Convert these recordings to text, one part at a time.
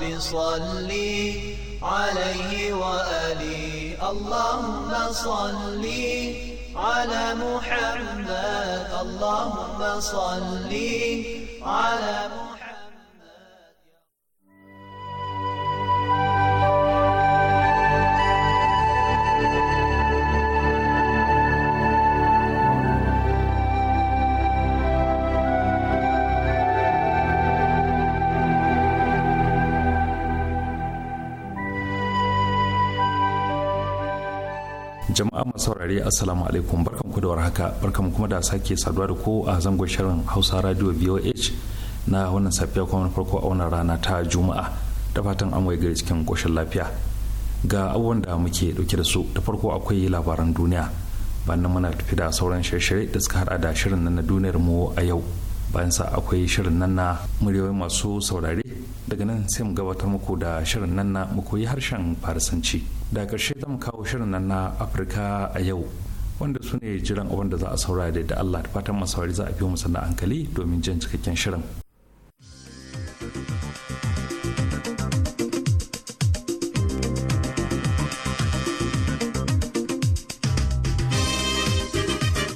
رب صلي عليه وآله اللهم صلي على محمد اللهم صلي على محمد saurare assalamu alaikum barkan ku da warhaka barkan kuma da sake saduwa da ko a zangon shirin hausa radio voh na wannan safiya kuma na farko a wannan rana ta juma'a da fatan an waye gari cikin koshin lafiya ga abubuwan da muke dauke da su da farko akwai labaran duniya bayan muna tafi da sauran shirye-shirye da suka hada da shirin nan na duniyar mu a yau bayan sa akwai shirin nan na muryoyi masu saurare daga nan sai mu gabatar muku da shirin nan na mu koyi harshen farisanci da karshe zamu kawo shirin nan na afirka a yau wanda su ne jiran abin da za a saurara da allah da fatan masauri za a fi musu na hankali domin jan cikakken shirin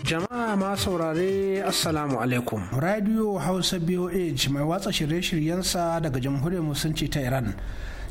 jama'a ma saurare assalamu alaikum radio hausa boh mai watsa shirye-shiryensa daga jamhuriyar musulunci ta iran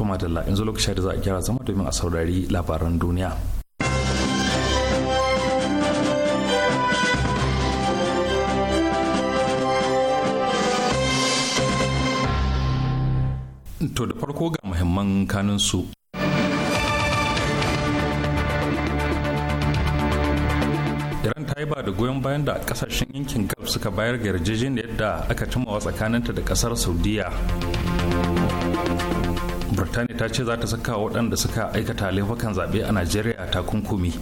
To Dalla yanzu lokaci da za a gyara zama domin a saurari labaran duniya. To da farko ga muhimman kanunsu. Iran ta yi ba da goyon bayan da kasashen yankin Gulf suka bayar ga yarjejeniyar da aka cimawa tsakaninta da kasar Saudiya. birtaniya ta ce za ta saka waɗanda suka aikata laifukan zaɓe a najeriya takunkumi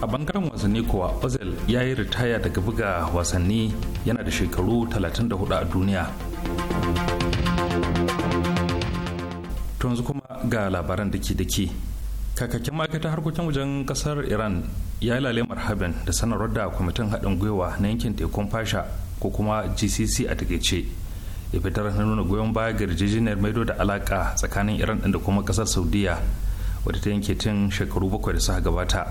a bangaren wasanni kuwa ozil ya yi ritaya daga buga wasanni yana da shekaru 34 a duniya yanzu kuma ga labaran da ke da ke kakakin ma'aikatar harkokin wajen kasar iran ya yi lalemar da sanarwar da kwamitin haɗin gwiwa na yankin tekun fasha ko kuma gcc a takaice ya fitar na nuna goyon baya ga yarjejeniyar maido da alaka tsakanin iran da kuma kasar saudiya wadda ta yanke tun shekaru bakwai da suka gabata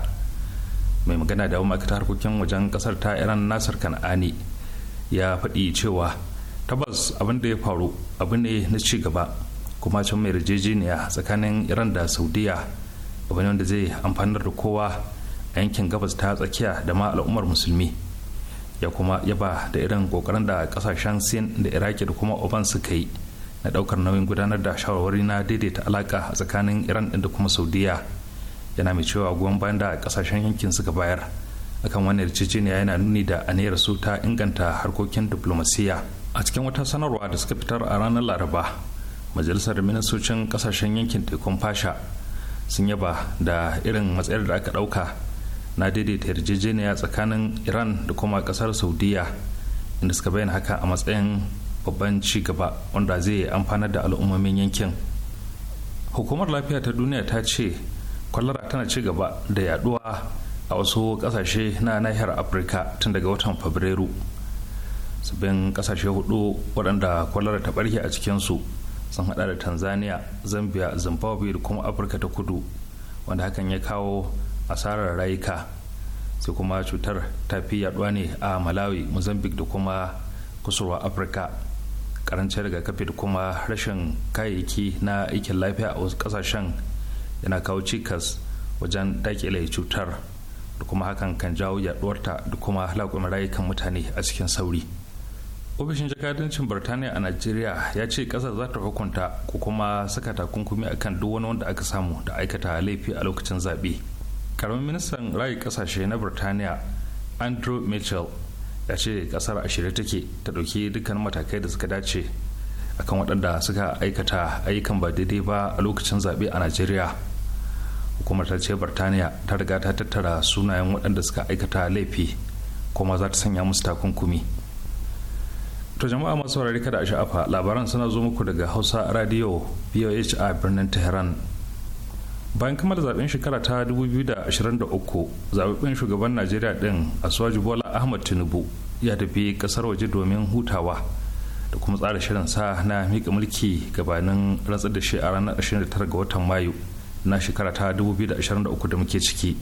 mai magana da ma'aikatar harkokin wajen kasar ta iran nasir kan'ani ya faɗi cewa tabbas abin da ya faru abu ne na ci gaba kuma can mai yarjejeniya tsakanin iran da saudiya abu ne wanda zai amfanar da kowa a yankin gabas ta tsakiya da ma al'ummar musulmi ya kuma yaba da irin kokarin da kasashen sin da iraki da kuma oban suka yi na daukar nauyin gudanar da shawarwari na daidaita alaka a tsakanin iran da kuma saudiya yana mai cewa goyon bayan da kasashen yankin suka bayar akan wani yarjejeniya yana nuni da aniyar su ta inganta harkokin diplomasiya a cikin wata sanarwa da suka fitar a ranar laraba majalisar ministocin kasashen yankin tekun fasha sun yaba da irin matsayar da aka dauka na daidaita yarjejeniya tsakanin iran da kuma kasar saudiya inda suka bayyana haka a matsayin babban ci gaba wanda zai yi amfanar da al'ummomin yankin hukumar lafiya ta duniya ta ce kwallara tana ci gaba da yaduwa a wasu kasashe na nahiyar afirka tun daga watan fabrairu sabbin kasashe hudu waɗanda kwallara ta barke a cikinsu sun hada da tanzania zambia zimbabwe da kuma afirka ta kudu wanda hakan ya kawo asarar rayuka sai kuma cutar ta fi yaduwa ne a malawi mozambique da kuma kusurwa afirka karancin rigakafi da kuma rashin kayayyaki na aikin lafiya a wasu kasashen yana kawo cikas wajen dakile cutar da kuma hakan kan jawo yaduwarta da kuma halakun rayukan mutane a cikin sauri ofishin jakadancin birtaniya a nigeria ya ce kasar za ta hukunta ko kuma saka takunkumi akan duk wani wanda aka samu da aikata laifi a lokacin zaɓe karamin ministan rayu kasashe na birtaniya andrew mitchell ya ce kasar ashirin take ta ɗauki dukkan matakai da suka dace akan waɗanda suka aikata ayyukan ba daidai ba a lokacin zaɓe a najeriya hukumar ta ce birtaniya ta riga ta tattara sunayen waɗanda suka aikata laifi kuma za ta sanya musu takunkumi to jama'a masu saurari kada a sha'afa labaran suna zo muku daga hausa radio voh a birnin tehran bayan kamar zaben shekara ta 2023 zababben shugaban najeriya din asuwaji bola ahmad tinubu ya tafi kasar waje domin hutawa da kuma tsara shirin sa na miƙa mulki gabanin rantsar da shi a ranar 29 ga watan mayu na shekara ta 2023 da muke ciki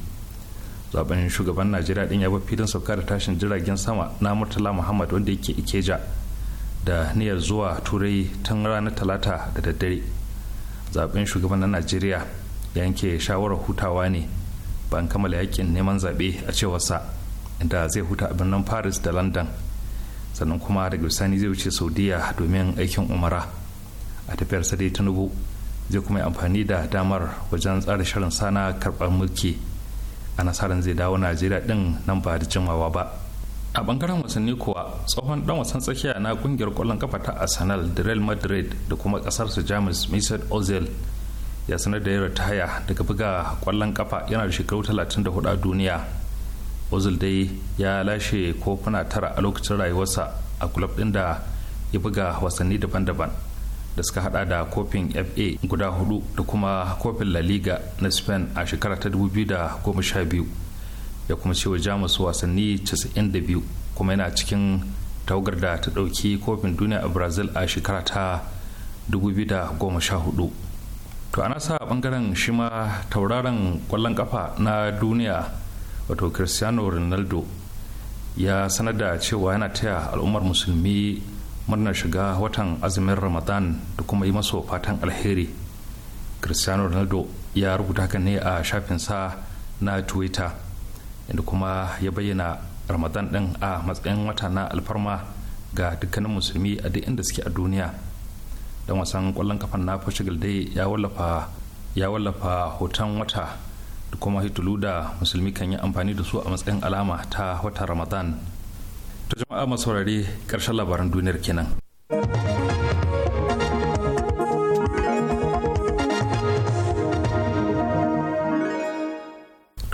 zaben shugaban najeriya din ya bar filin sauka da tashin jiragen sama na murtala muhammad wanda yake ikeja da niyyar zuwa turai tun ranar talata da daddare zaben shugaban na najeriya yanke shawarar hutawa ne ba ban kammala yakin neman zaɓe a cewarsa inda zai huta a birnin paris da london sannan kuma daga bisani zai wuce saudiya domin aikin umara a tafiyar dai tinubu zai kuma yi amfani da damar wajen tsara shirin sana karɓar mulki a nasarar zai dawo najeriya din nan ba da jimawa ba a ɓangaren wasanni kuwa tsohon ɗan wasan tsakiya na kungiyar ƙwallon ƙafa ta arsenal da real madrid da kuma ƙasarsa jamus mesut ozil ya sanar da ya ritaya daga buga kwallon kafa yana da shekaru 34 a duniya ozil dai ya lashe kofuna tara a lokacin rayuwarsa a kulab din da ya buga wasanni daban-daban da suka hada da kofin fa guda hudu da kuma kofin la liga na spain a shekara ta 2012 ya kuma cewa jamus wasanni 92 kuma yana cikin tawagar da ta dauki kofin duniya a brazil a shekara ta 2014 to ana sa bangaren shi ma tauraron kwallon kafa na duniya wato cristiano ronaldo ya sanar da cewa yana taya al'ummar musulmi murnar shiga watan azumin ramadan da kuma yi maso fatan alheri cristiano ronaldo ya rubuta haka ne a shafinsa na twitter inda kuma ya bayyana ramadan din a matsayin wata na alfarma ga dukkanin musulmi a duk inda suke a duniya dan wasan kwallon kafan na portugal dai ya wallafa ya wallafa hoton wata da kuma hitulu da musulmi kan yi amfani da su a matsayin alama ta watan ramadan ta jama'a masu saurare karshen labaran duniyar kenan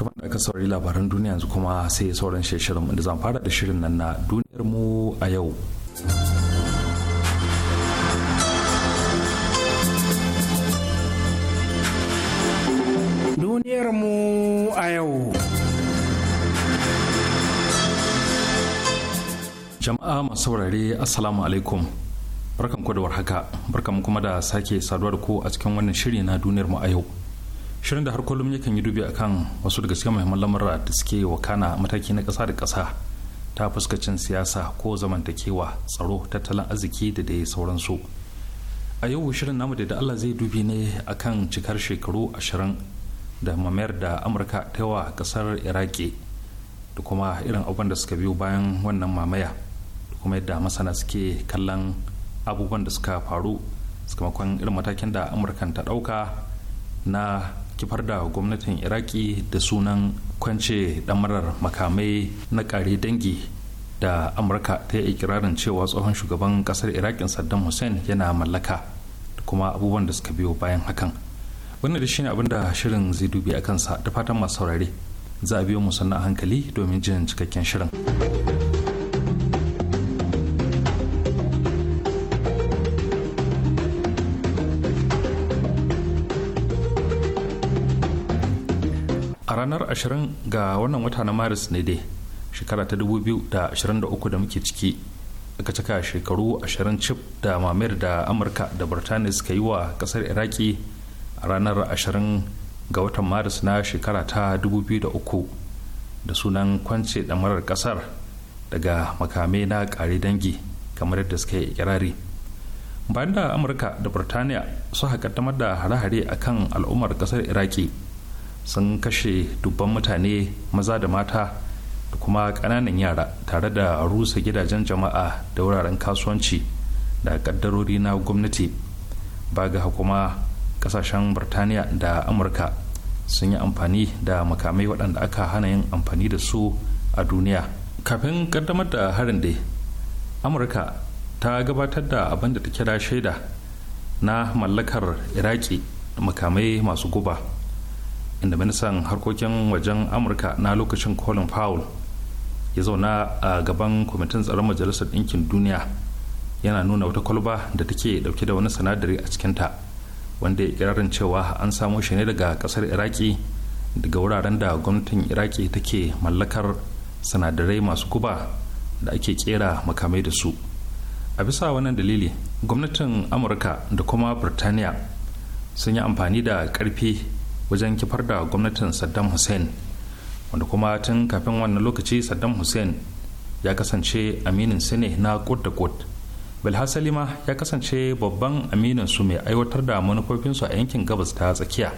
kamar da aka saurari labaran duniya yanzu kuma sai sauran shirin da zan fara da shirin nan na duniyar mu a yau. Duniyarmu a yau. Jama'a masu saurare Assalamu alaikum. Barkan ku da warhaka, barkan kuma da sake saduwa da ku a cikin wannan shiri na mu a yau. Shirin da har kullum yakan yi dubi akan wasu daga cikin muhimman lamura da suke wakana mataki na kasa da kasa ta fuskacin siyasa ko zamantakewa, tsaro, tattalin arziki da dai sauransu. a yau shirin namu da Allah zai dubi ne akan cikar shekaru ashirin da mamayar da amurka ta wa kasar iraki da kuma irin abubuwan da suka biyo bayan wannan mamaya da kuma yadda masana suke kallon abubuwan da suka faru sakamakon irin matakin da amurkan ta ɗauka na kifar da gwamnatin iraki da sunan kwance damarar makamai na kare dangi da amurka ta yi ikirarin cewa tsohon shugaban kasar iraki saddam hussein yana mallaka da kuma abubuwan da suka biyo bayan hakan wannan da ne abinda shirin zai dubi a kansa ta fatan masu saurare za a biyo mu a hankali domin jin cikakken shirin a ranar 20 ga wannan wata na maris ne dai shekara ta 2023 da muke ciki aka cika shekaru 20 cif da mamayar da amurka da birtaniya suka yi wa kasar iraki a ranar 20 ga watan maris na shekara ta 2003 da sunan kwance damarar kasar daga makamai na kare dangi kamar yadda suka yi kirari bayan da amurka da burtaniya su kaddamar da hare-hare a kan al'ummar kasar iraki sun kashe dubban mutane maza da mata da kuma ƙananan yara tare da rusa gidajen jama'a da wuraren kasuwanci da ƙaddarori na gwamnati ba ga kuma kasashen birtaniya da amurka sun yi amfani da makamai waɗanda aka hana yin amfani da su a duniya kafin kaddamar da harin dai amurka ta gabatar da abin da ta kira shaida na mallakar iraki makamai masu guba inda ministan harkokin wajen amurka na lokacin colin powell ya zauna a gaban kwamitin tsaron majalisar ɗinkin duniya yana nuna wata kwalba da take dauke da wani sinadari a cikinta wanda ya kirarin cewa an samo shi ne daga kasar iraki daga wuraren da gwamnatin iraki take mallakar sinadarai masu guba da ake kera makamai da su a bisa wannan dalili gwamnatin amurka da kuma birtaniya sun yi amfani da karfi wajen kifar da gwamnatin saddam hussein wanda kuma tun kafin wannan lokaci saddam hussein ya kasance aminin sine na kot da kut bilhassalima ya kasance babban aminin su mai aiwatar da manufofinsu a yankin gabas ta tsakiya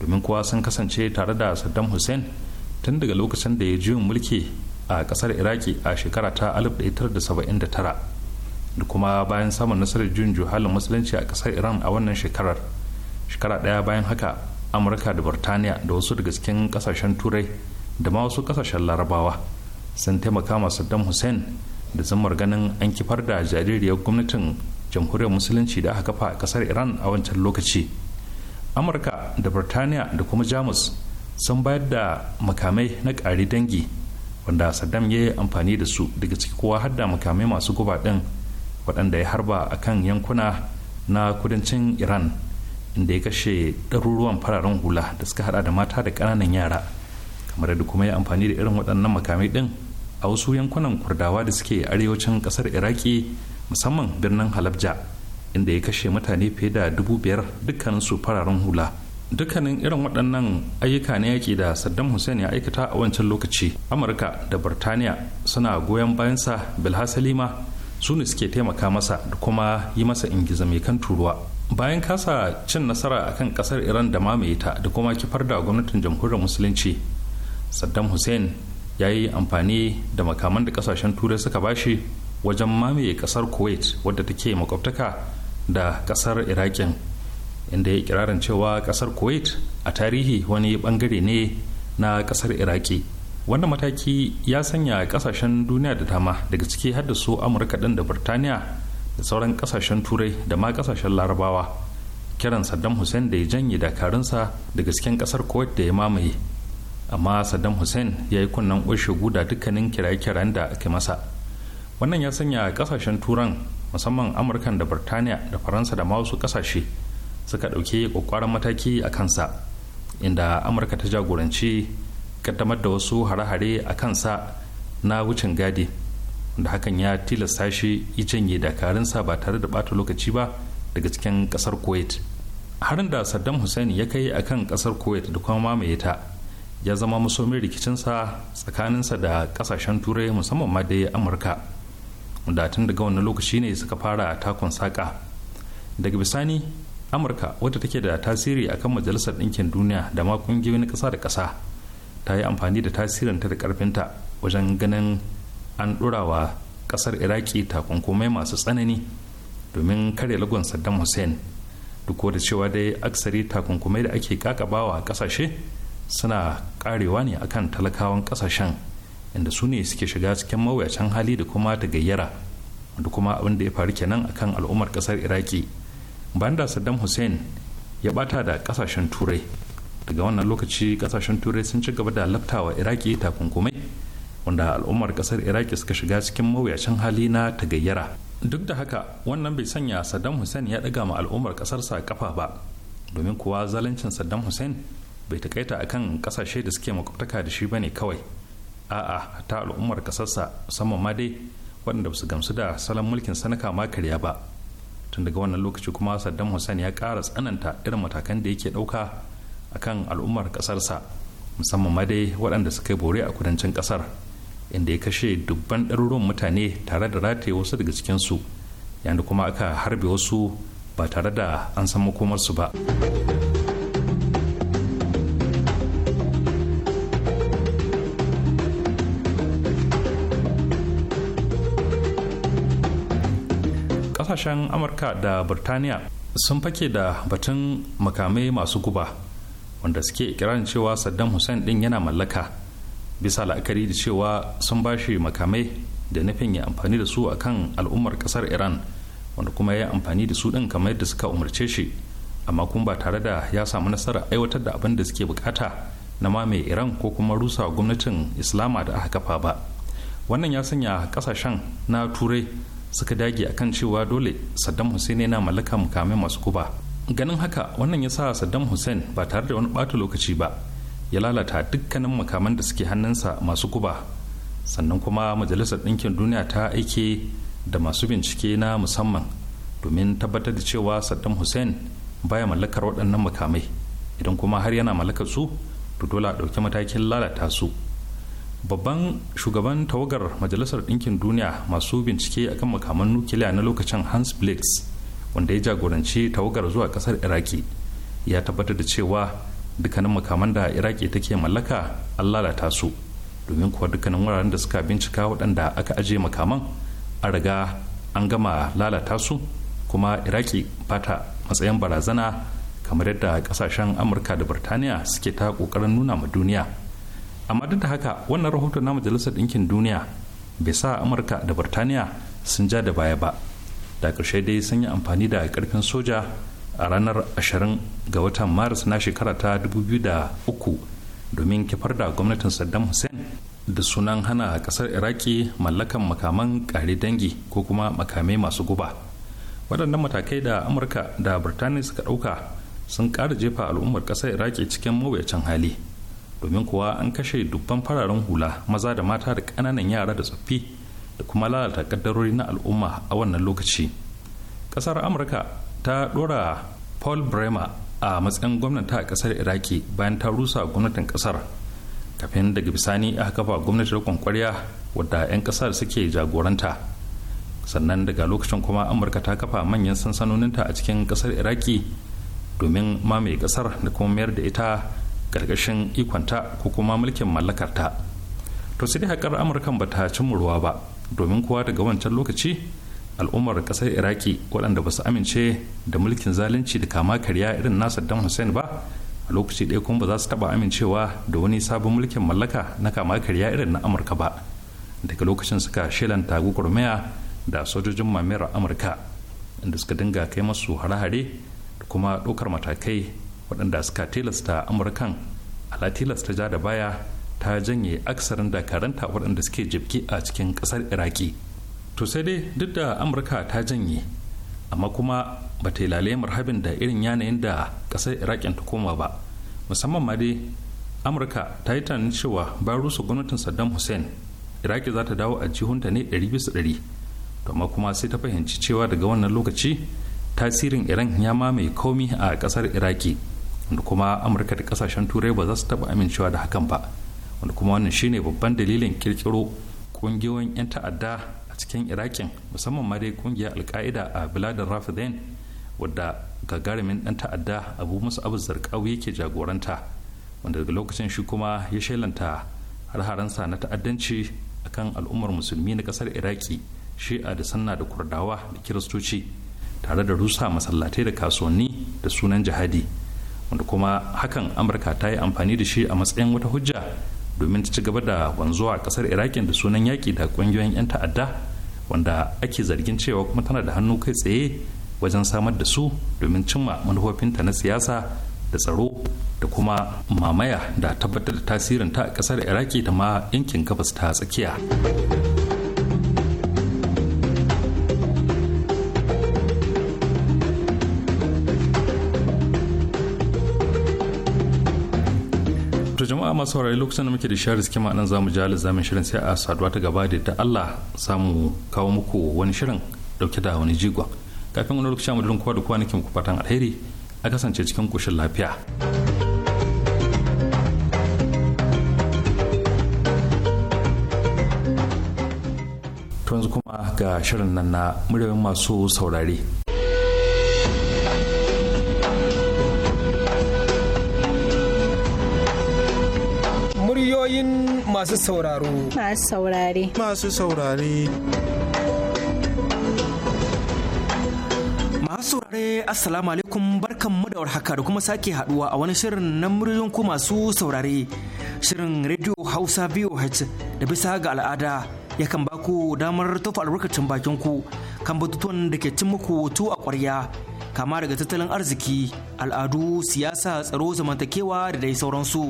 domin kowa sun kasance tare da saddam hussein tun daga lokacin da ya juyin mulki a kasar iraki a shekara ta 1979 da kuma bayan samun nasarar juyin juhalin musulunci a kasar iran a wannan shekarar shekara ɗaya bayan haka amurka da burtaniya da wasu daga cikin kasashen turai da ma wasu kasashen larabawa sun taimaka ma saddam hussein da zammar ganin an kifar da jaririyar gwamnatin jamhuriyar musulunci da aka kafa a kasar iran a wancan lokaci amurka da birtaniya da kuma jamus sun bayar da makamai na ƙari dangi wanda saddam ya yi amfani da su daga ciki kowa har da makamai masu guba ɗin waɗanda ya harba a kan yankuna na kudancin iran inda ya kashe ɗaruruwan fararen hula da suka hada da mata da ƙananan yara kamar da kuma ya amfani da irin waɗannan makamai ɗin a wasu yankunan kurdawa da suke arewacin kasar iraki musamman birnin halabja inda ya kashe mutane fiye da dubu biyar dukkanin su fararen hula dukkanin irin waɗannan ayyuka na yaƙi da saddam hussein ya aikata a wancan lokaci amurka da birtaniya suna goyon bayansa bilhassali ma su ne suke taimaka masa da kuma yi masa ingiza mai kan turuwa bayan kasa cin nasara a kan kasar iran da mamaye ta da kuma kifar da gwamnatin jamhuriyar musulunci saddam hussein ya yi amfani da makaman da kasashen turai suka bashi wajen mamaye kasar kuwait wadda take makwabtaka da kasar iraƙin inda ya kirarin cewa kasar kuwait a tarihi wani bangare ne na kasar iraki wannan mataki ya sanya kasashen duniya da dama daga ciki har da su amurka ɗin da birtaniya da sauran kasashen turai da ma kasashen larabawa kiran saddam hussein da ya janye dakarunsa daga cikin kasar kuwait da ya mamaye amma saddam hussein ya yi kunnen ushe guda dukkanin kiraye-kiran da ake masa wannan ya sanya kasashen turan musamman amurkan da birtaniya da faransa da wasu kasashe suka ɗauki kwakwaran mataki a kansa inda amurka ta jagoranci kaddamar da wasu hare-hare a kansa na wucin gadi da hakan ya tilasta shi yi janye dakarunsa ba tare da bata lokaci ba daga cikin kasar kuwait harin da saddam hussein ya kai akan kan ƙasar kuwait da kuma mamaye ta ya zama masomin rikicinsa tsakaninsa da kasashen turai musamman ma dai amurka da tun daga wani lokaci ne suka fara takon saƙa daga bisani amurka wadda take da tasiri akan majalisar ɗinkin duniya da ma kungiyoyin ƙasa da ƙasa ta yi amfani da tasirinta da ƙarfinta wajen ganin an ɗurawa ƙasar iraki takunkumai masu tsanani domin kare lagon saddam hussein duk da cewa dai aksari takunkumai da ake kakabawa ƙasashe suna karewa ne akan talakawan kasashen inda su ne suke shiga cikin mawuyacin hali da kuma ta gayyara da kuma abin da ya faru kenan akan al'ummar kasar iraki bayan da saddam hussein ya bata da kasashen turai daga wannan lokaci kasashen turai sun ci gaba da laftawa iraki takunkumai wanda al'ummar kasar iraki suka shiga cikin mawuyacin hali na gayyara. duk da haka wannan bai sanya saddam hussein ya ɗaga ma al'ummar kasarsa kafa ba domin kuwa zalancin saddam hussein bai takaita kan kasashe da suke makwabtaka da shi ba ne kawai a'a ta al'ummar kasarsa musamman ma dai waɗanda su gamsu da salon mulkin sanaka ma karya ba tun daga wannan lokaci kuma saddam hussein ya ƙara tsananta irin matakan da yake ɗauka a kan al'ummar ƙasarsa musamman ma dai waɗanda suka yi bore a kudancin ƙasar inda ya kashe dubban ɗaruruwan mutane tare da rataye wasu daga cikinsu yanda kuma aka harbe wasu ba tare da an san makomarsu ba. kasashen amurka da Birtaniya sun fake da batun makamai masu guba wanda suke ikirarin cewa saddam hussein din yana mallaka bisa la'akari da cewa sun bashi makamai da nufin ya amfani da su a kan al'ummar kasar iran wanda kuma ya amfani da su din kamar yadda suka umarce shi amma kuma ba tare da ya samu nasara aiwatar da abin da suke bukata na mamaye iran ko kuma rusa gwamnatin islama da aka kafa ba wannan ya sanya kasashen na turai suka dage akan cewa dole saddam hussein yana mallaka mukamai masu kuba ganin haka wannan ya sa saddam hussein ba tare da wani ɓata lokaci ba ya lalata dukkanin makaman da suke hannunsa masu kuba sannan kuma majalisar ɗinkin duniya ta aike da masu bincike na musamman domin tabbatar da cewa saddam hussein baya mallakar waɗannan mukamai idan kuma har yana mallakar su to dole a ɗauki matakin lalata su babban shugaban tawagar majalisar ɗinkin duniya masu bincike a kan makaman nukiliya na lokacin hans blakes wanda ya jagoranci tawagar zuwa ƙasar iraki ya tabbatar da cewa dukkanin makaman da iraki take mallaka an lalata su domin kuwa dukkanin wuraren da suka bincika waɗanda aka ajiye makaman an riga an gama lalata su kuma iraki bata matsayin barazana kamar yadda kasashen amurka da birtaniya suke ta ƙoƙarin nuna ma duniya amma duk da haka wannan rahoto na majalisar ɗinkin duniya bai sa amurka da birtaniya sun ja da baya ba da ƙarshe dai sun yi amfani da ƙarfin soja a ranar 20 ga watan maris na shekara ta 2003 domin kifar da gwamnatin saddam hussein da sunan hana ƙasar iraki mallakan makaman kare dangi ko kuma makamai masu guba waɗannan matakai da amurka da birtaniya suka ɗauka sun ƙara jefa al'ummar ƙasar iraki cikin mawuyacin hali domin kuwa an kashe dubban fararen hula maza da mata da ƙananan yara da tsoffi da kuma lalata kaddarori na al'umma a wannan lokaci ƙasar amurka ta ɗora paul bremer a matsayin gwamnati a ƙasar iraki bayan ta rusa gwamnatin ƙasar kafin daga bisani aka kafa gwamnatin riƙon ƙwarya wadda 'yan ƙasar suke jagoranta sannan daga lokacin kuma amurka ta kafa manyan sansanoninta a cikin ƙasar iraki domin mamaye ƙasar da kuma mayar da ita ƙarƙashin ikonta ko kuma mulkin mallakarta to sai dai haƙar amurkan ba ta cin ruwa ba domin kowa daga wancan lokaci al'ummar ƙasar iraki waɗanda ba su amince da mulkin zalunci da kama karya irin na saddam hussein ba a lokaci ɗaya kuma ba za su taɓa amincewa da wani sabon mulkin mallaka na kama karya irin na amurka ba daga lokacin suka shelanta gugurmaya da sojojin mamayar amurka inda suka dinga kai masu hare-hare da kuma ɗaukar matakai waɗanda suka tilasta amurkan ala tilasta ja da baya ta janye aksarin dakaranta waɗanda suke jibki a cikin ƙasar iraki to sai dai duk da amurka ta janye amma kuma ba ta lale marhabin da irin yanayin da ƙasar iraƙin ta koma ba musamman ma dai amurka ta yi tunanin cewa bayan rusa gwamnatin saddam hussein iraki za ta dawo a jihunta ne 100% to amma kuma sai ta fahimci cewa daga wannan lokaci tasirin iran ya mamaye komi a ƙasar iraki wanda kuma amurka da kasashen turai ba za su taba amincewa da hakan ba wanda kuma wannan shine babban dalilin kirkiro kungiyoyin 'yan ta'adda a cikin irakin musamman ma dai kungiyar alka'ida a biladin rafidain wadda gagarumin dan ta'adda abu musu abu zarkawi yake jagoranta wanda daga lokacin shi kuma ya shelanta harharansa na ta'addanci akan al'ummar musulmi na kasar iraki shi'a da sanna da kurdawa da kiristoci tare da rusa masallatai da kasuwanni da sunan jihadi wanda kuma hakan amurka ta yi amfani da shi a matsayin wata hujja domin ta ci gaba da wanzuwa a kasar irakin da sunan yaƙi da ƙungiyoyin 'yan ta'adda wanda ake zargin cewa kuma tana da hannu kai tsaye wajen samar da su domin cimma manufofinta na siyasa da tsaro da kuma mamaya da tabbatar da tasirinta a kasar iraki da ma yankin gabas ta tsakiya. masu saurari lokacin da muke da shirin kima nan zamu ji alizamin shirin sai a saduwa ta gaba da ta Allah samu kawo muku wani shirin dauke da wani jigon kafin wani lokaci amadadin kowa da kowa nake muku fatan alheri a kasance cikin koshin lafiya. yanzu kuma ga shirin nan na muryoyin masu saurari. masu sauraro masu saurare masu saurare saurare assalamu alaikum barkan mu da warhaka da kuma sake haduwa a wani shirin na muryoyin ku masu saurare shirin radio hausa VOH da bisa ga al'ada yakan baku damar tofa albarkacin bakin ku kan batutuwan da ke cin muku tu a kwarya kama daga tattalin arziki al'adu siyasa tsaro zamantakewa da dai sauransu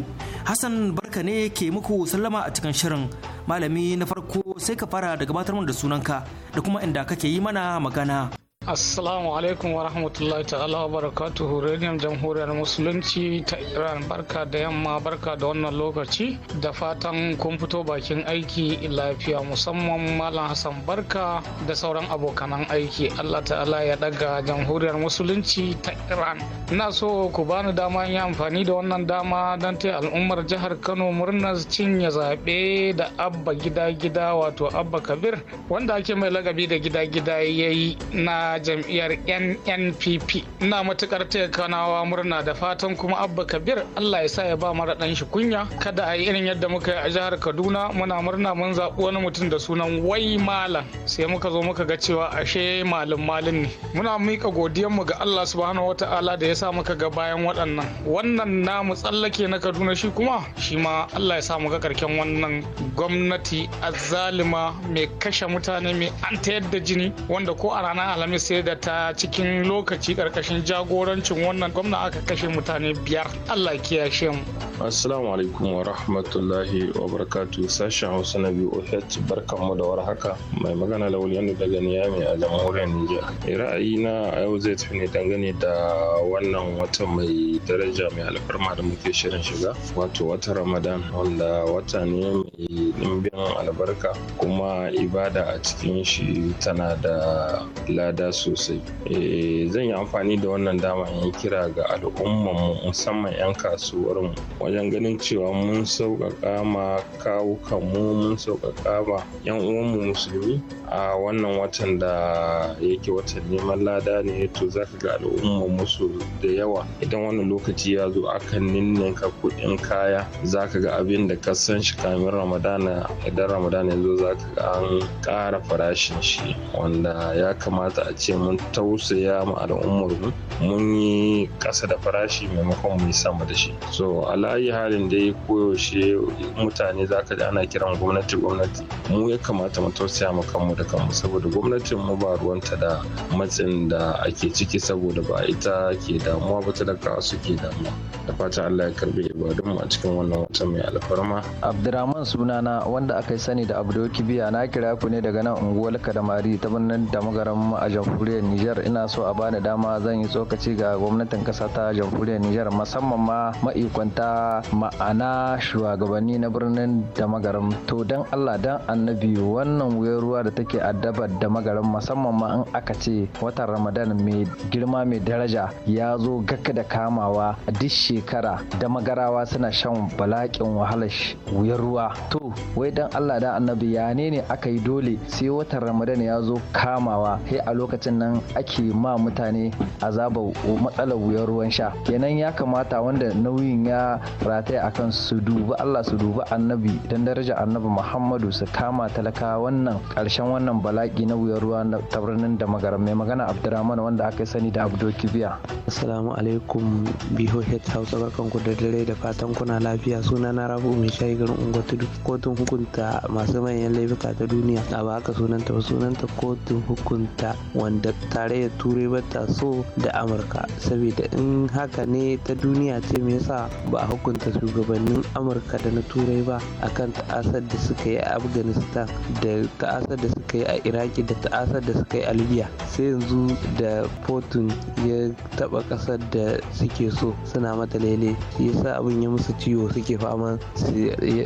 hassan barka ne ke muku sallama a cikin shirin malami na farko sai ka fara da gabatar da sunanka da kuma inda kake yi mana magana Assalamu alaikum wa rahmatullahi ta'ala wa barakatuhu rediyon jamhuriyar musulunci ta Iran barka da yamma barka da wannan lokaci da fatan kun fito bakin aiki lafiya musamman Malam Hassan barka da sauran abokanan aiki Allah ta'ala ya daga jamhuriyar musulunci ta Iran. Ina so ku bani dama yin yi amfani da wannan dama don ta al'ummar jihar Kano murnar cinye zaɓe da abba gida gida wato abba kabir wanda ake mai lagabi da gida gida yayi na jam'iyyar nnpp ina matukar taya kanawa murna da fatan kuma abba kabir allah ya sa ya ba mara dan shi kunya kada a yi irin yadda muka yi a jihar kaduna muna murna mun zaɓi wani mutum da sunan wai malam sai muka zo muka ga cewa ashe malam malin ne muna miƙa godiyanmu ga allah subhanahu wata'ala da ya sa muka ga bayan waɗannan wannan namu tsallake na kaduna shi kuma shi ma allah ya sa muka karken wannan gwamnati azzalima mai kashe mutane mai an ta yadda jini wanda ko a ranar alhamis sai da ta cikin lokaci karkashin jagorancin wannan gwamna aka kashe mutane biyar allah kiyashe shi assalamu alaikum wa rahmatullahi wa barakatu sashen hausa na biyu barkan mu da warhaka mai magana lauliyanu daga niyami a jamhuriyar niger ra'ayina a yau zai tafi ne dangane da wannan wata mai daraja mai alfarma da muke shirin shiga wato wata ramadan wanda wata ne mai ɗimbin albarka kuma ibada a cikin shi tana da lada sosai eh, zan yi amfani da wannan dama in kira ga al'ummanmu musamman 'yan kasuwar mu. wajen ganin cewa mun sauƙaƙa ma kawukanmu mun sauƙaƙa ma 'yan uwanmu musulmi a wannan watan da yake watan neman lada ne to za ka ga al'ummar musu da yawa idan wannan lokaci ya zo akan ninninka kuɗin kaya za ka ga abin da ka san shi kamin ramadana idan ramadana ya zo za ka ga an ƙara farashin shi wanda ya kamata a ci. ce mun tausaya ma al'ummar mu mun yi ƙasa da farashi maimakon mu yi sama da shi so a halin da ya koyaushe mutane za ka ana kiran gwamnati gwamnati mu ya kamata mu tausaya mu kanmu da kanmu saboda gwamnatin mu ba ruwanta da matsin da ake ciki saboda ba ita ke damuwa ba talakawa ke damuwa da fatan Allah ya ibadun ibadunmu a cikin wannan wata mai alfarma. Abdurrahman sunana wanda aka sani da abdulkibiya na kira ku ne daga nan unguwar Kadamari ta birnin Damagaram a jamhuriyar jamhuriyar Nijar ina so a bani dama zan yi tsokaci ga gwamnatin kasa ta jamhuriyar Nijar musamman ma ma'ikwanta ma'ana shugabanni na birnin da magaram to dan Allah dan annabi wannan wuyar ruwa da take addabar da magaram musamman ma in aka ce watan Ramadan mai girma mai daraja ya zo gaka da kamawa duk shekara da magarawa suna shan balakin wahalar wuyar ruwa to wai dan Allah dan annabi ya ne ne aka yi dole sai watan Ramadan ya zo kamawa sai a lokacin lokacin nan ake ma mutane azaba matsalar wuyar ruwan sha kenan ya kamata wanda nauyin ya rataya akan su dubi Allah su dubi annabi dan darajar annabi Muhammadu su kama talaka wannan karshen wannan bala'i na wuyar ruwa na tabarnin da magaram mai magana Abdurrahman wanda aka sani da Abdo Kibiya Assalamu alaikum House Hausa barkanku da dare da fatan kuna lafiya suna na Rabu mai shayi garin Unguwa Tudu kotun hukunta masu manyan laifuka ta duniya a ba haka sunanta ba sunanta kotun hukunta wanda tarayyar turai ba ta so da amurka saboda in haka ne ta duniya ce me yasa ba a hukunta shugabannin amurka da na turai ba akan ta'asar da suka yi a afghanistan da ta'asar da suka yi a iraki da ta'asar da suka yi a libya sai yanzu da fortune ya taba kasar da suke so suna mata lele shi yasa abin ya musu ciwo suke fama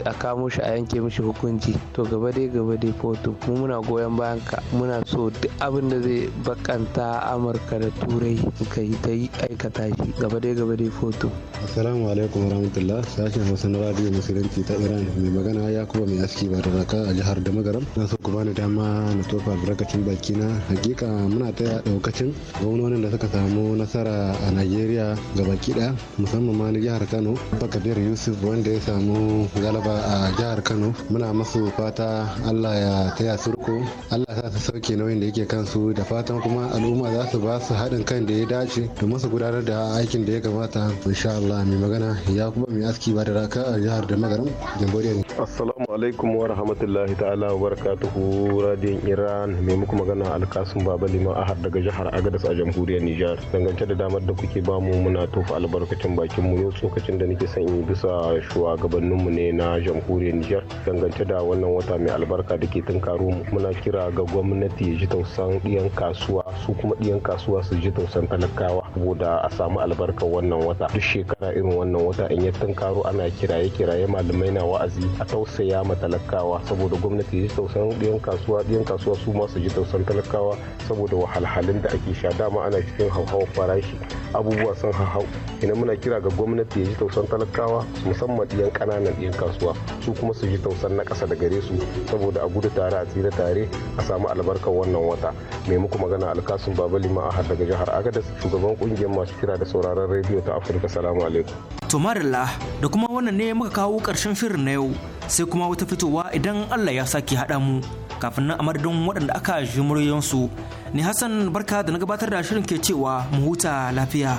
a kamo shi a yanke mishi hukunci to gaba dai gaba dai fortune mu muna goyon bayan ka muna so duk abin da zai bakanta amurka da turai ka yi ta yi aikata shi gaba dai gaba dai foto assalamu alaikum warahmatullah sashen hausa na radio musulunci ta iran mai magana ya kuma mai aski ba da raka a jihar da magaram na so ku bani dama na tofa albarkacin baki na hakika muna ta daukacin gwamnonin da suka samu nasara a najeriya ga baki daya musamman ma na jihar kano bakadir yusuf wanda ya samu galaba a jihar kano muna masu fata allah ya taya surko allah sa su sauke nauyin da yake kansu da fa fatan kuma al'umma za su ba su haɗin kan da ya dace da su gudanar da aikin da ya kamata insha Allah mai magana ya kuma mai aski ba da raka a jihar da magaram jamhuriyar Assalamu alaikum wa rahmatullahi ta'ala wa barakatuhu radiyon Iran mai muku magana alkasun Baba Liman ahad daga jihar Agadas a jamhuriyar Nijar. Dangance da damar da kuke bamu muna tofa albarkacin bakin mu yau tsokacin da nake son yi bisa shugabannin mu ne na jamhuriyar Nijar. Dangance da wannan wata mai albarka da ke tunkaro mu muna kira ga gwamnati ya ji tausan ɗiyan kasuwa su kuma ɗiyan kasuwa su ji tausan talakawa saboda a samu albarkar wannan wata. Duk shekara irin wannan wata in ya tunkaro ana kiraye kiraye malamai na wa'azi tausaya ma talakawa saboda gwamnati ya ji tausayin ɗiyan kasuwa ɗiyan kasuwa su ma su ji tausan talakawa saboda wahalhalun da ake sha dama ana cikin hauhawar farashi abubuwa sun hauhau ina muna kira ga gwamnati ya ji tausan talakawa musamman ɗiyan kananan ɗiyan kasuwa su kuma su ji tausan na ƙasa da gare su saboda a gudu tare a tsira tare a samu albarkar wannan wata mai muku magana alkasun baba a har daga jihar agadas shugaban kungiyar masu kira da sauraron rediyo ta afirka salamu alaikum To marilla da kuma wannan ne muka kawo ƙarshen shirin na yau sai kuma wata fitowa idan Allah ya sake haɗa mu kafin nan a madadin waɗanda aka ji muryoyinsu. Ni Hassan barka da na gabatar da shirin ke cewa mu huta lafiya.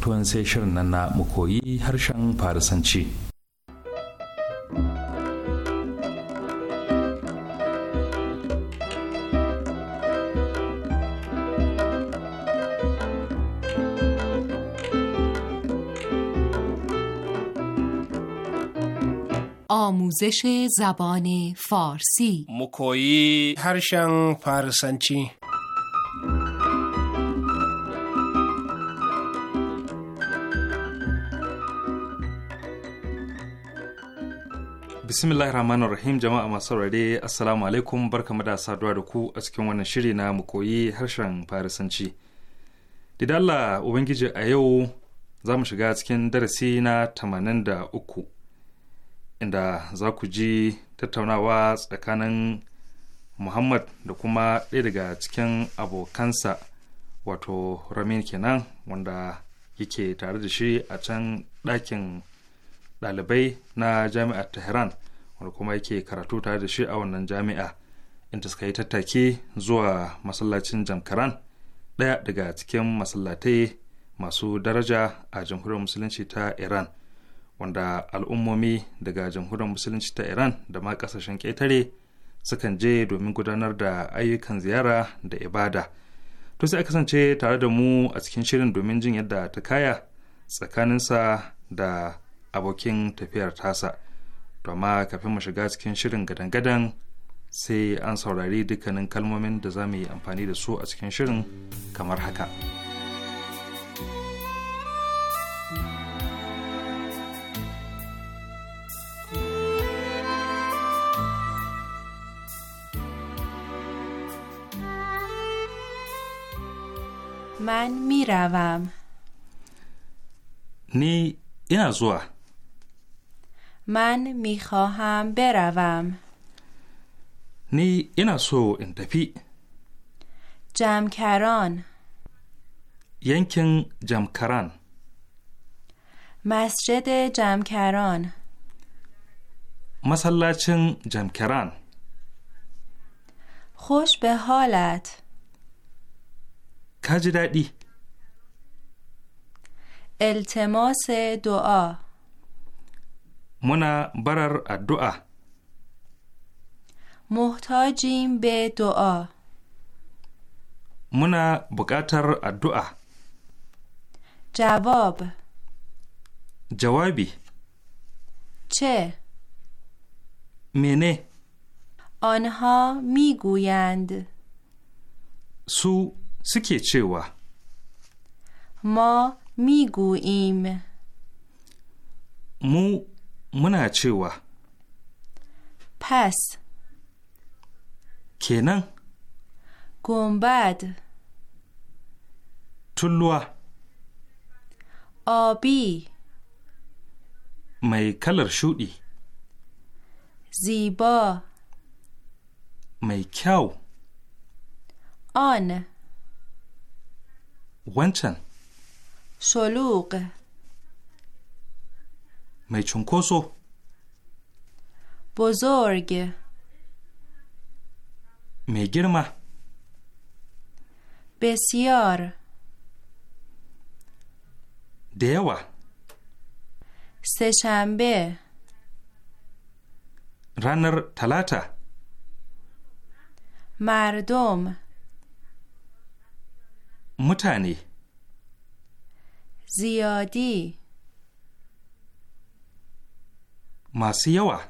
tuwon sai shirin nan na mu koyi harshen Farisanci. آموزش zabani فارسی مکویی هرشن فارسنچی bismillah rahman rahim jama'a masu saurare assalamu alaikum barkamu da saduwa da ku a cikin wannan shiri na mu koyi harshen farisanci didalla ubangiji a yau za mu shiga cikin darasi na tamanin da uku. inda za ku ji tattaunawa tsakanin muhammad da kuma ɗaya daga cikin abokansa wato ramin kenan wanda yake tare da shi a can ɗakin ɗalibai na jami'ar tehran wanda kuma yake karatu tare da shi a wannan jami'a inda suka yi tattaki zuwa masallacin jamkaran ɗaya daga cikin masallatai masu daraja a jamhuriyar musulunci ta iran wanda al'ummomi daga jamhuriyar musulunci ta iran da ma kasashen ƙetare sukan je domin gudanar da ayyukan ziyara da ibada to sai a kasance tare da mu a cikin shirin domin jin yadda ta kaya tsakaninsa da abokin tafiyar tasa to amma kafin mu shiga cikin shirin gadan-gadan sai an saurari dukkanin kalmomin da za mu yi amfani da su a cikin shirin kamar haka. من می روم. نی اینا زوا من می خواهم بروم. نی اینا سو این تفی. جمکران ینکن جمکران مسجد جمکران مسلاچن جمکران خوش به حالت کجا دادی؟ التماس دعا منا برر الدعا محتاجیم به دعا منا بقاتر الدعا جواب جوابی چه منه آنها میگویند سو suke cewa Ma mi guim. Mu muna cewa Pass Kenan Gombad Tulluwa Obi Mai kalar shuɗi Ziba Mai kyau On. غنچن شلوغ میچون کوسو بزرگ میگرما بسیار دیوا سشنبه رنر تلاتا مردم mutane ziyadi masu yawa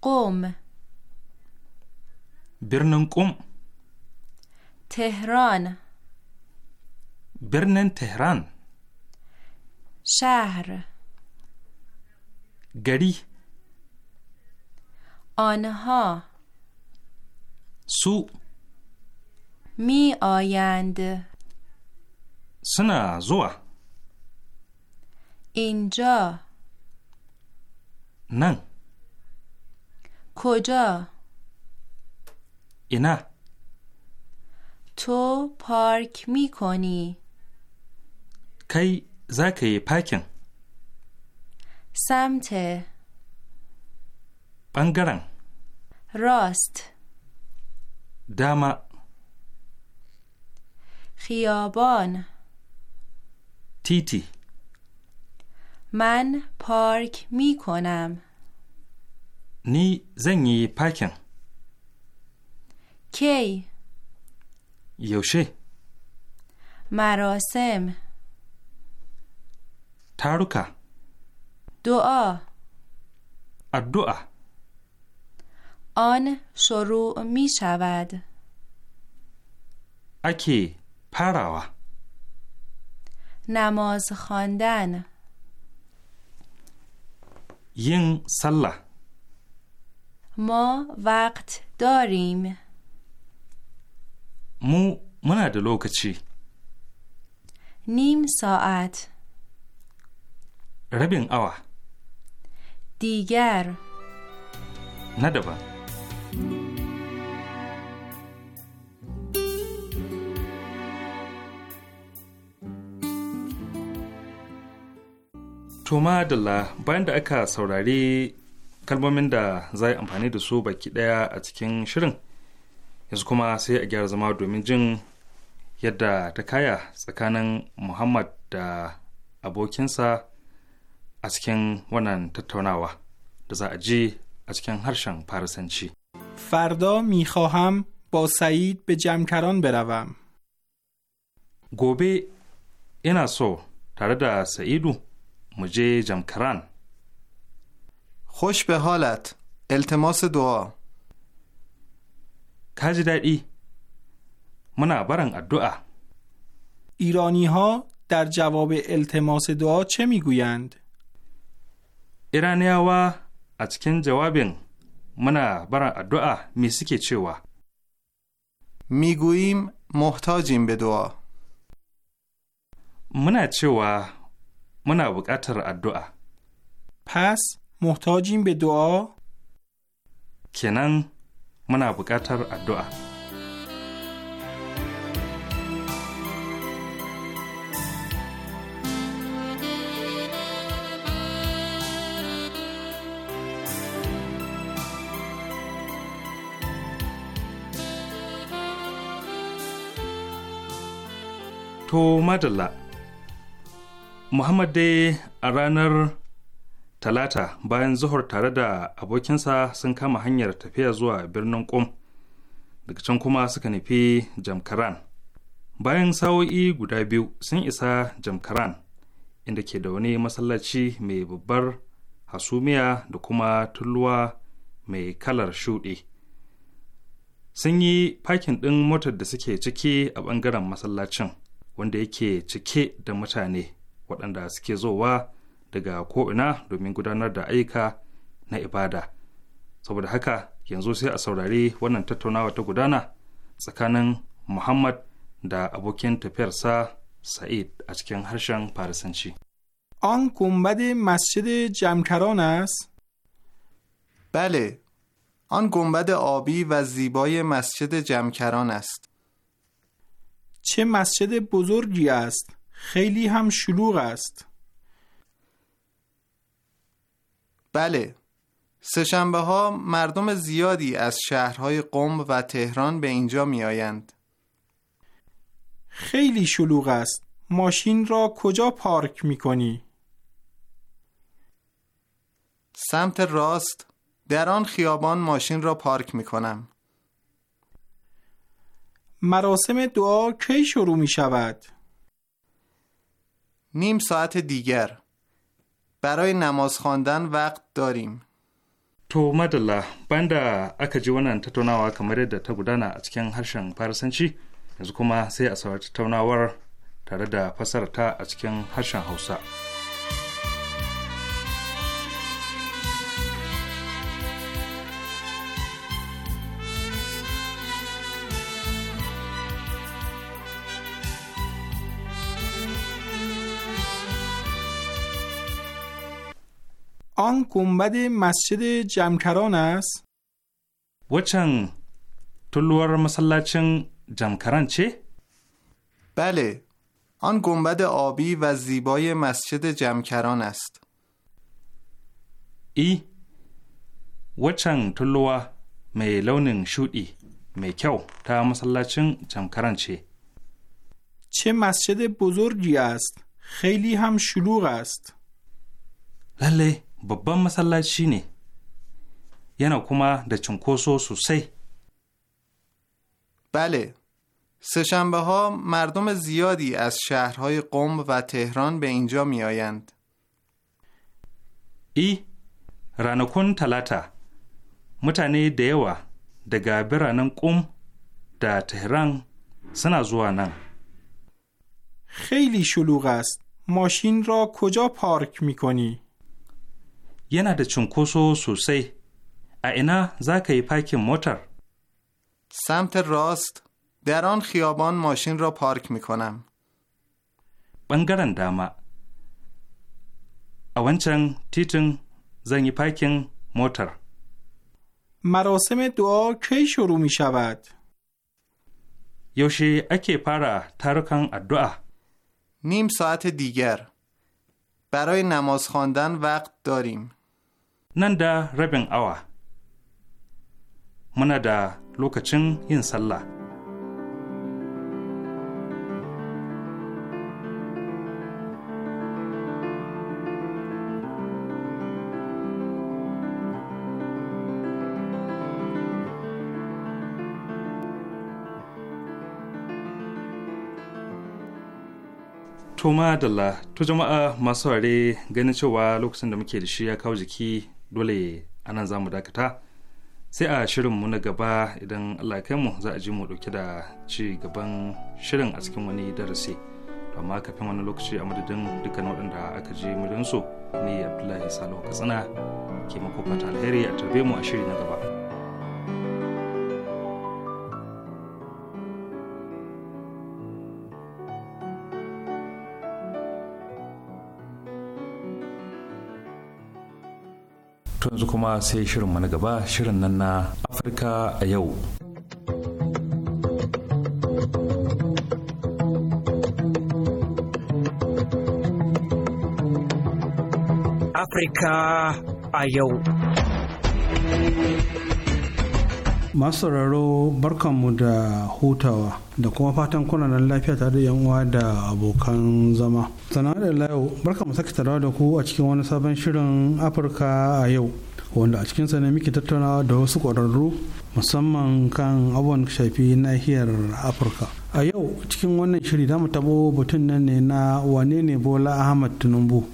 ƙum birnin ƙum tehran birnin tehran shahar gari آنها سو so می آیند سنا زوا اینجا نن کجا اینا تو پارک می کنی کی زکی پاکن سمت بنگرن راست داما خیابان تیتی من پارک می کنم نی زنگی پاکن کی یوشه مراسم تاروکا دعا ادعا آن شروع می شود اکی پراوا نماز خواندن ین سلا ما وقت داریم مو منا د لوکچی نیم ساعت ربین اوا دیگر ندبا Thank To madalla bayan da aka saurari kalmomin da za yi amfani da su baki ɗaya a cikin shirin yanzu kuma sai a gyara zama domin jin yadda ta kaya tsakanin Muhammad da abokinsa a cikin wannan tattaunawa da za a ji a cikin harshen Farisanci. Farda میخواهم با سعید به جمکران بروم. gobe ina so tare da sa'idu مجه جمکران خوش به حالت التماس دعا کاج ای؟ منا برن ادعا. ایرانی ها در جواب التماس دعا چه میگویند؟ ایرانی ها و اچکن جوابین منا برن الدعا میسی که و میگوییم محتاجیم به دعا منا و؟ muna buƙatar addu'a. Pas muhtajin be du'a? Kenan muna buƙatar addu'a. To madalla. muhammad dai a ranar talata bayan zuhur tare da abokinsa sun kama hanyar tafiya zuwa birnin ƙum daga can kuma suka nufi jamkaran bayan sa'o'i guda biyu sun isa jamkaran inda ke da wani masallaci mai babbar hasumiya da kuma tulluwa mai kalar shuɗe sun yi fakin ɗin motar da suke ciki a ɓangaren masallacin wanda yake cike da mutane waɗanda suke zowa daga ko'ina domin gudanar da ayyuka na ibada saboda haka yanzu sai a saurari wannan tattaunawa ta gudana tsakanin muhammad da abokin tafiyarsa sa'id a cikin harshen farisanci An گنبد مسجد جمکران است؟ بله آن گنبد آبی و زیبای مسجد جمکران است چه مسجد بزرگی است خیلی هم شلوغ است. بله. سهشنبه ها مردم زیادی از شهرهای قم و تهران به اینجا می آیند. خیلی شلوغ است. ماشین را کجا پارک می کنی؟ سمت راست در آن خیابان ماشین را پارک می کنم. مراسم دعا کی شروع می شود؟ نیم ساعت دیگر برای نماز خواندن وقت داریم To madalla banda aka ji wannan tattaunawa kamar yadda ta gudana a cikin harshen Farisanci yanzu kuma sai a saurari tattaunawar tare da fasarta a cikin harshen Hausa. آن گنبد مسجد جمکران است؟ وچن تلوار مسلاچن جمکران چه؟ بله آن گنبد آبی و زیبای مسجد جمکران است ای وچن تلوار می لونین شودی می کیو تا مسلاچن جمکران چه؟ چه مسجد بزرگی است خیلی هم شلوغ است لله babban masallaci ne یه کما د چنکوسو سوسی بله سهشنبه ها مردم زیادی از شهرهای قم و تهران به اینجا می آیند. ای رانکون تلاتا متانه دیوا دگا برانن قم دا تهران سنا زوانن خیلی شلوغ است ماشین را کجا پارک می کنی؟ yana da cunkoso sosai. A ina za ka yi fakin motar? سمت راست در آن خیابان ماشین را پارک می کنم. بنگرن داما اوانچن تیتن زنی پاکن موتر مراسم دعا کی شروع می شود؟ یوشی اکی پارا ترکن ادعا. نیم ساعت دیگر برای نماز خواندن وقت داریم. nan da rabin awa muna da lokacin yin sallah da la, to jama'a masu ware ganin cewa lokacin da muke da shi ya kawo jiki dole anan za mu dakata sai a shirinmu na gaba idan allah kai mu za a ji mu dauke da ci gaban shirin a cikin wani darasi amma kafin wani lokaci a madadin dukkan waɗanda aka je su ni abdullahi salo katsina ke mako fata alheri a tarbe mu a shiri na gaba. yanzu kuma sai shirin mana gaba shirin nan na afirka a yau afirka a yau masu sauraro barkanmu da hutawa da kuma fatan kuna nan lafiya tare da uwa da abokan zama sanar da layo barka mu saki tara da ku a cikin wani sabon shirin afirka a yau wanda a cikinsa ne muke tattaunawa da wasu kwararru musamman kan abubuwan shafi nahiyar afirka a yau cikin wannan shiri za mu tabo batun nan ne na wane ne bola ahmad tinubu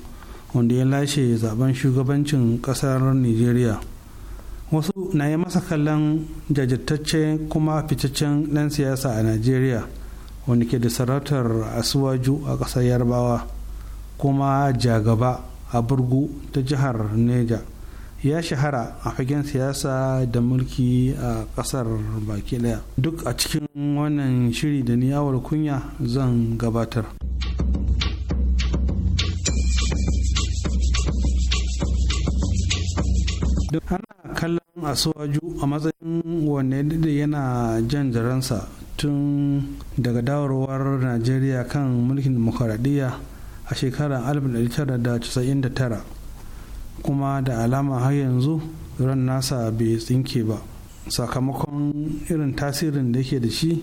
wanda ya lashe zaben shugabancin kasar nigeria wasu na yi masa kallon jajirtacce kuma fitaccen ɗan siyasa a nigeria wanda ke da sarautar asuwaju a ƙasar yarbawa kuma jagaba a burgu ta jihar neja ya shahara a fagen siyasa da mulki a ƙasar baki daya duk a cikin wannan shiri da niyawar kunya zan gabatar ana kallon asuwaju a matsayin wanne da yana jan jaransa tun daga dawarwar najeriya kan mulkin demokuraɗiyya a shekarar 1999 kuma da alama har yanzu ran nasa bai tsinke ba sakamakon irin tasirin da yake da shi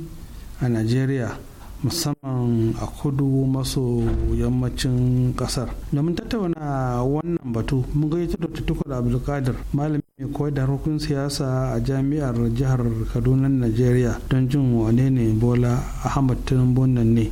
a najeriya musamman a kudu maso yammacin kasar mun tattauna wannan batu mun gaito da da abdulkadir malami mai koyar da harkokin siyasa a jami'ar jihar kaduna najeriya don jin wane ne bola ahmad tinubu nan ne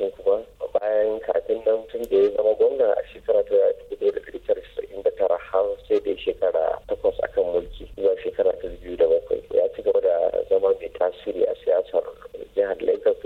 lokacin kuma bayan kafin nan tun da ya zama gwamna a shekara ta dubu da ɗari tara casa'in da tara har sai da shekara takwas akan mulki zuwa shekara ta biyu da bakwai ya ci gaba da zama mai tasiri a siyasar jihar lagos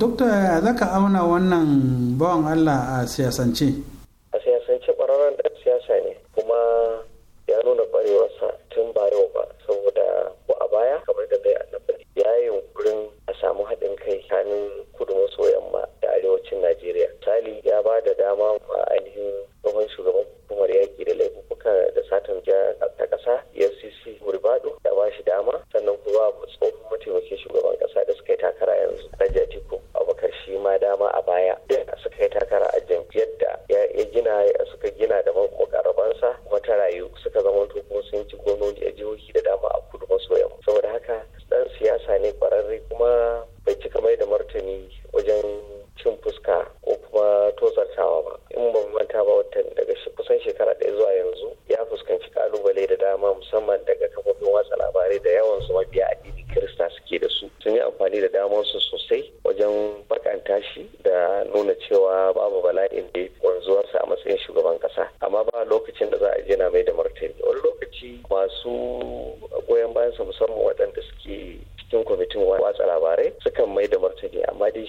dokta ya zaka auna wannan bawan allah a siyasance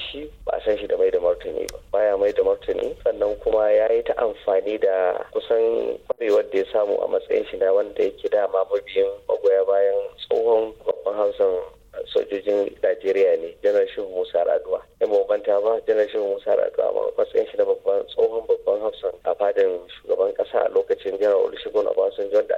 shi ba san shi da mai da martani ba baya mai da martani sannan kuma ya yi ta amfani da kusan kwarewar da ya samu a matsayin shi na wanda yake dama mabiyin magoya bayan tsohon babban hausan sojojin Najeriya ne janar shehu Musa Raduwa ya mabanta ba janar shehu Musa Raduwa a matsayin shi na babban tsohon babban hausan a fadin shugaban kasa a lokacin janar Olusegun Obasanjo da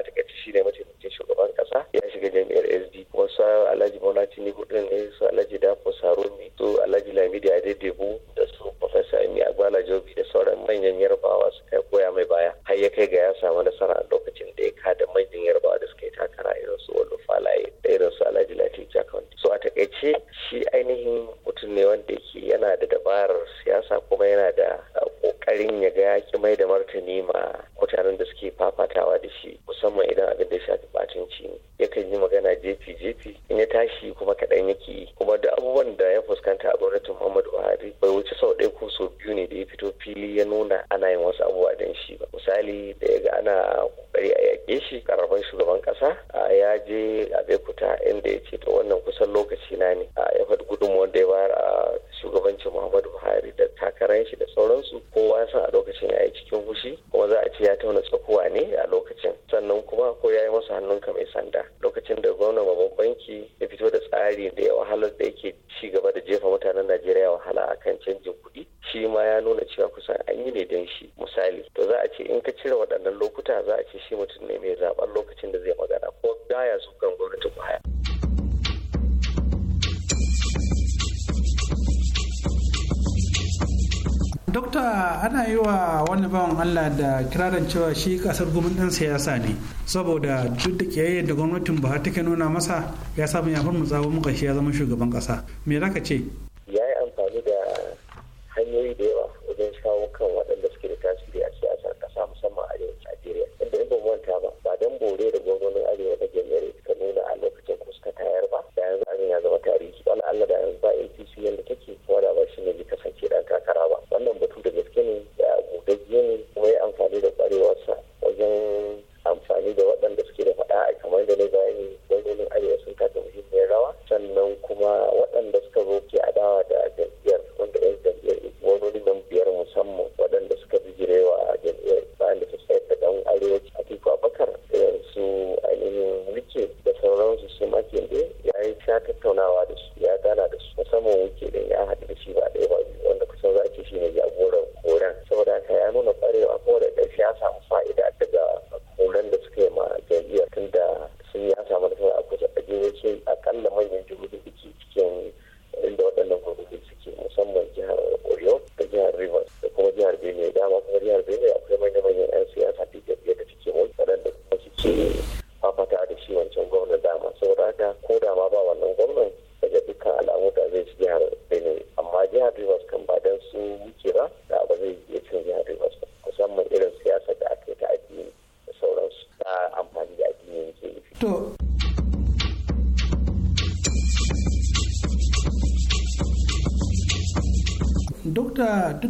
cewa shi kasar gumin dan siyasa ne saboda duk da kiyaye da gwamnatin ba ta ke nuna masa ya samu ya farmu tsawon muka shi ya zama shugaban kasa me zaka ce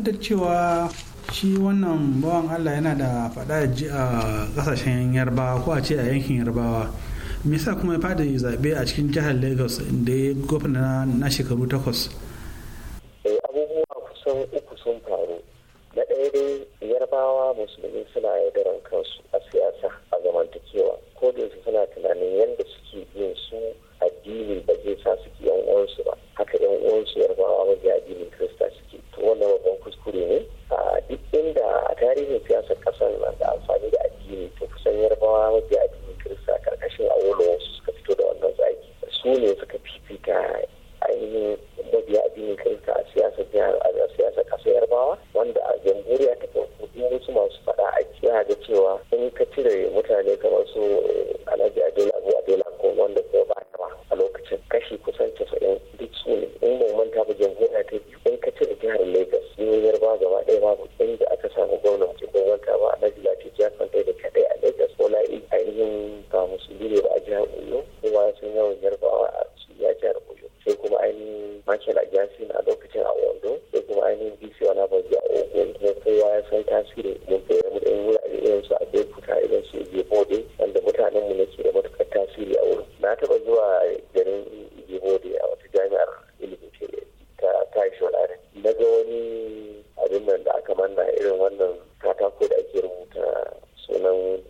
duk da cewa shi wannan bawan allah yana da fada a kasashen yarbawa ko a ce a yankin yarbawa me yasa kuma ya fada zaɓe a cikin jihar lagos da ya gwamna na shekaru takwas eh, abubuwa kusan uku sun faru na ɗaya dai yarbawa musulmi suna yaudaran kansu a siyasa a zamantakewa ko da suna tunanin yadda suke yin su addini ba zai sa suke yan uwansu ba haka yan uwansu yarbawa mabiya addinin kirista suke wannan babban kuskure ne a duk inda a tarihin siyasar kasar nan da amfani da addini to kusan yarbawa mafi addinin kirista a karkashin awolowo suka fito da wannan tsaki su ne suka fifita ainihin mabiya addinin kirista a siyasar jihar a siyasar ƙasa yarbawa wanda a jamhuriya ta farko duk wasu masu faɗa a kira da cewa in ka cire mutane kamar su eh, alhaji adela abu adela ko wanda ko ba ta ba a lokacin kashi kusan casa'in duk su ne in ba manta ba jamhuriya ta biyu in ka cire jihar lagos yiwu yarbawa gaba ɗaya babu inda aka samu gwamnan ce ko manta ba alhaji lati jafan ɗaya da kaɗai a lagos ko la'i ainihin ba musulmi ne ba a jihar oyo kowa ya yawan yarbawa a sai kuma ainihin Michael Ajasin a lokacin a Ondo sai kuma ainihin BC Onabaji a Ogun kuma kowa ya san tasirin mun kai mu wuri a irin su a Bekuta irin su bode wanda mutanen mu ne ke da matukar tasiri a wurin. Na taɓa zuwa garin bode a wata jami'ar ilimin ta Taisho Lare. Na ga wani abin nan da aka manna irin wannan katako da ake rubuta sunan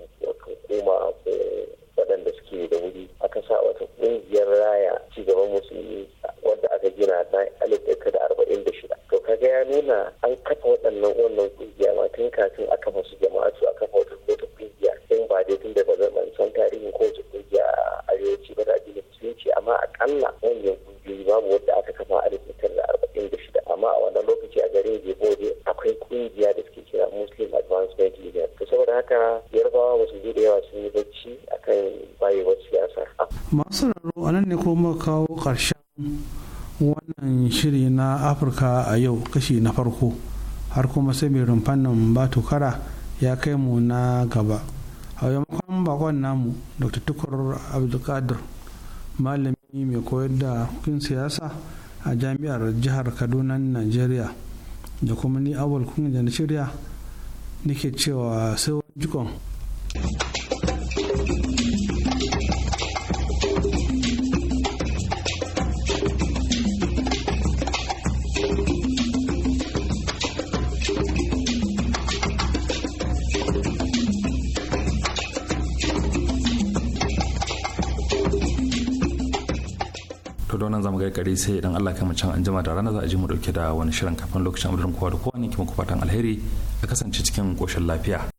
cewa sun yi bacci bayewar siyasa. masu raro a nan ne kuma kawo ƙarshen wannan shiri na afirka a yau kashi na farko har kuma sai mai rumfannin batukara ya kai mu na gaba a makon bakon namu dr tukur abdulkadir malami mai koyar da kun siyasa a jami'ar jihar kaduna nigeria da kuma ni awal kun da na shirya nake cewa sai wani jikon nan zamu gargare sai idan Allah kama can anjima da rana za a ji mu dauke da wani shirin kafin lokacin amurin kowa da kowa ne muku fatan alheri a kasance cikin koshin lafiya.